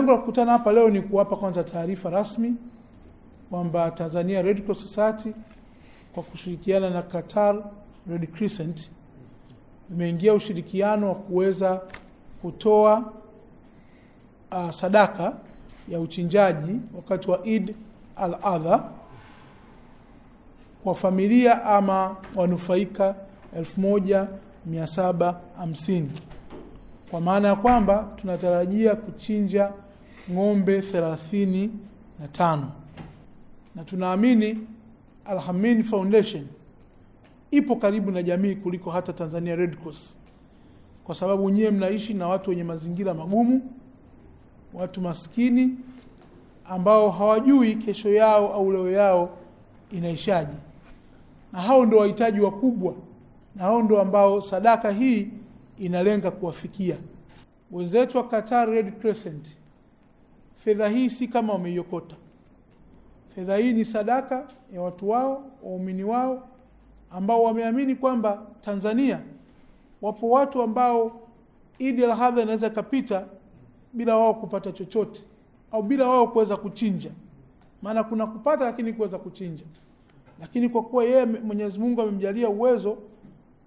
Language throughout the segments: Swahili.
lengo la kukutana hapa leo ni kuwapa kwanza taarifa rasmi kwamba Tanzania Red Cross Society kwa kushirikiana na Qatar Red Crescent imeingia ushirikiano wa kuweza kutoa uh, sadaka ya uchinjaji wakati wa Eid al-Adha kwa familia ama wanufaika 1750 kwa maana ya kwamba tunatarajia kuchinja ng'ombe thelathini na tano na tunaamini Alhamin Foundation ipo karibu na jamii kuliko hata Tanzania Red Cross, kwa sababu nyie mnaishi na watu wenye mazingira magumu, watu maskini ambao hawajui kesho yao au leo yao inaishaje, na hao ndio wahitaji wakubwa, na hao ndio ambao sadaka hii inalenga kuwafikia. Wenzetu wa Qatar Red Crescent fedha hii si kama wameiokota. Fedha hii ni sadaka ya watu wao, waumini wao ambao wameamini kwamba Tanzania wapo watu ambao Idi al inaweza ikapita bila wao kupata chochote au bila wao kuweza kuchinja. Maana kuna kupata lakini kuweza kuchinja. Lakini kwa kuwa yeye Mwenyezi Mungu amemjalia uwezo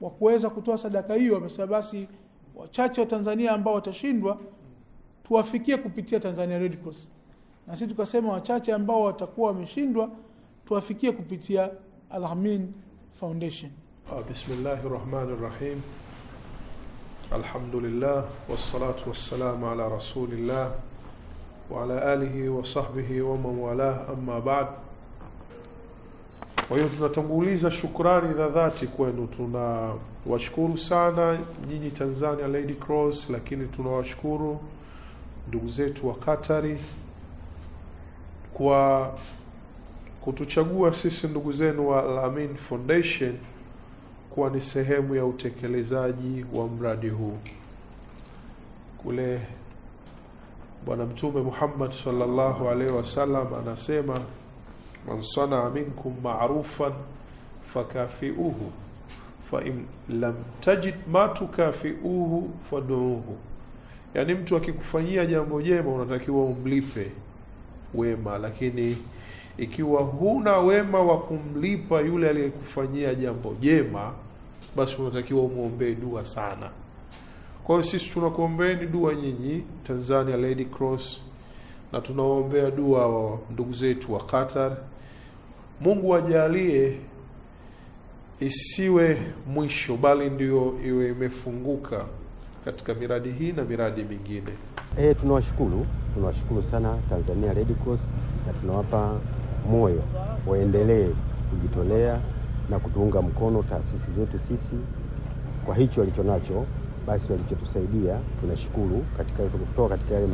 wa kuweza kutoa sadaka hiyo, amesema basi wachache wa Tanzania ambao watashindwa tuwafikie kupitia Tanzania Red Cross, na sisi tukasema wachache ambao watakuwa wameshindwa tuwafikie kupitia Alhamin Foundation. Ah, bismillahir Rahmanir Rahim. Alhamdulillah wassalatu wassalamu ala rasulillah wa ala alihi wa sahbihi wa man walah, amma ba'd. Kwa hiyo tunatanguliza shukrani za dhati kwenu, tunawashukuru sana nyinyi Tanzania Red Cross, lakini tunawashukuru ndugu zetu wa Katari kwa kutuchagua sisi ndugu zenu wa Lamin Foundation kuwa ni sehemu ya utekelezaji wa mradi huu. Kule Bwana Mtume Muhammad sallallahu alaihi wasallam anasema, man sanaa minkum ma'rufan fakafiuhu fa in lam tajid ma tukafiuhu fad'uuhu Yaani mtu akikufanyia jambo jema unatakiwa umlipe wema, lakini ikiwa huna wema wa kumlipa yule aliyekufanyia jambo jema, basi unatakiwa umwombee dua sana. Kwa hiyo sisi tunakuombeeni dua nyinyi Tanzania lady Cross, na tunawaombea dua wa ndugu zetu wa Qatar. Mungu ajalie isiwe mwisho, bali ndio iwe imefunguka katika miradi hii na miradi mingine. E, tunawashukuru tunawashukuru sana Tanzania Red Cross na tunawapa moyo waendelee kujitolea na kutuunga mkono taasisi zetu sisi kwa hicho walichonacho, basi walichotusaidia tunashukuru, katika kutoa katika yale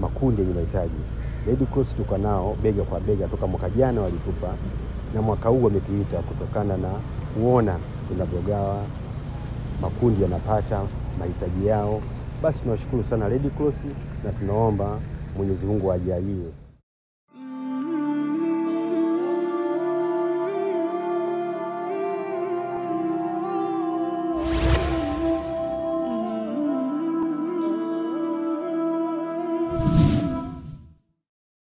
makundi yenye mahitaji. Red Cross tuko nao bega kwa bega toka mwaka jana walitupa, na mwaka huu wametuita kutokana na kuona tunavyogawa makundi yanapata mahitaji yao. Basi tunawashukuru sana Red Cross na tunaomba Mwenyezi Mungu ajalie